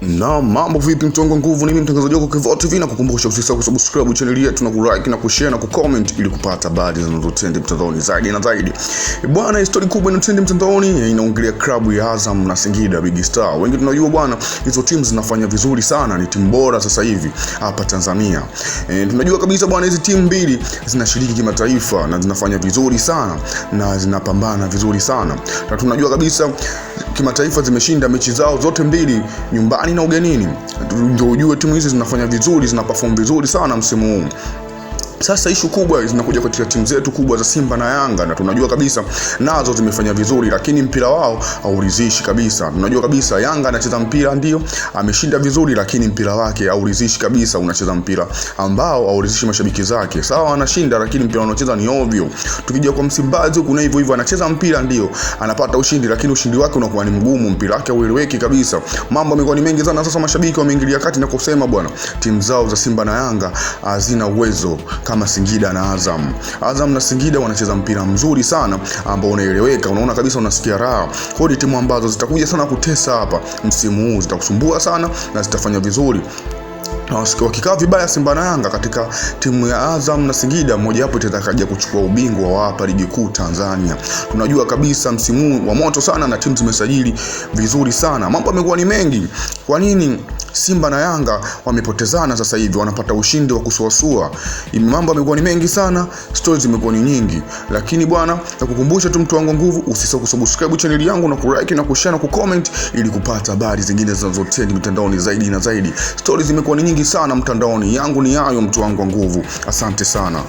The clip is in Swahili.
Na mambo vipi mtongo nguvu, ni mimi mtangazaji wako Kevoo TV na kukumbusha usisahau kusubscribe channel yetu na kulike na kushare na kucomment ili kupata habari zinazotrend mtandaoni zaidi na zaidi. E bwana, historia kubwa inayotrend mtandaoni inaongelea klabu ya Azam na Singida Big Star. Wengi tunajua bwana, hizo timu zinafanya vizuri sana, ni timu bora sasa hivi hapa Tanzania. E, tunajua kabisa bwana, hizi timu mbili zinashiriki kimataifa na zinafanya vizuri sana na zinapambana vizuri sana. Na tunajua kabisa kimataifa zimeshinda mechi zao zote mbili nyumbani na ugenini, ndio ujue timu hizi zinafanya vizuri, zina perform vizuri sana msimu huu. Sasa ishu kubwa zinakuja katika timu zetu kubwa za Simba na Yanga, na tunajua kabisa nazo zimefanya vizuri, lakini mpira wao hauridhishi kabisa. Tunajua kabisa Yanga anacheza mpira ndio ameshinda vizuri, lakini mpira wake hauridhishi kabisa. Unacheza mpira ambao hauridhishi mashabiki zake. Sawa, anashinda lakini mpira anaocheza ni ovyo. Tukija kwa Msimbazi kuna hivyo hivyo, anacheza mpira ndio anapata ushindi, lakini ushindi wake unakuwa ni mgumu, mpira wake haueleweki kabisa. Mambo yamekuwa ni mengi sana. Sasa mashabiki wameingilia kati na kusema bwana, timu zao za Simba na Yanga hazina uwezo kama Singida na Azam. Azam na Singida wanacheza mpira mzuri sana ambao unaeleweka, unaona kabisa, unasikia raha. hiyo timu ambazo zitakuja sana kutesa hapa msimu huu, zitakusumbua sana na zitafanya vizuri wakikaa vibaya Simba na Yanga katika timu ya Azam na Singida, mmoja mojawapo itakaja kuchukua ubingwa wa hapa ligi kuu Tanzania. Tunajua kabisa msimu wa moto sana na timu zimesajili vizuri sana, mambo yamekuwa ni mengi. Kwa nini Simba na Yanga wamepotezana sasa hivi, wanapata ushindi wa kusuasua? Mambo yamekuwa ni mengi sana, stories zimekuwa ni nyingi, lakini bwana, nakukumbusha tu mtu wangu nguvu, usisahau kusubscribe channel yangu na kulike na kushare na kucomment ili kupata habari zingine zinazotrend mitandaoni zaidi na zaidi. Stories zimekuwa ni nyingi mengi sana mtandaoni. Yangu ni yayo, mtu wangu wa nguvu. Asante sana.